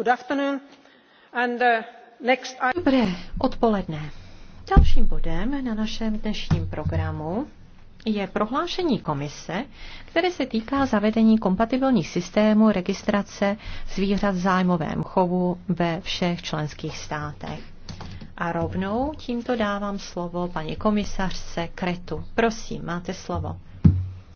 Uh, Dobré odpoledne. Dalším bodem na našem dnešním programu je prohlášení komise, které se týká zavedení kompatibilních systémů registrace zvířat v zájmovém chovu ve všech členských státech. A rovnou tímto dávám slovo paní komisařce Kretu. Prosím, máte slovo.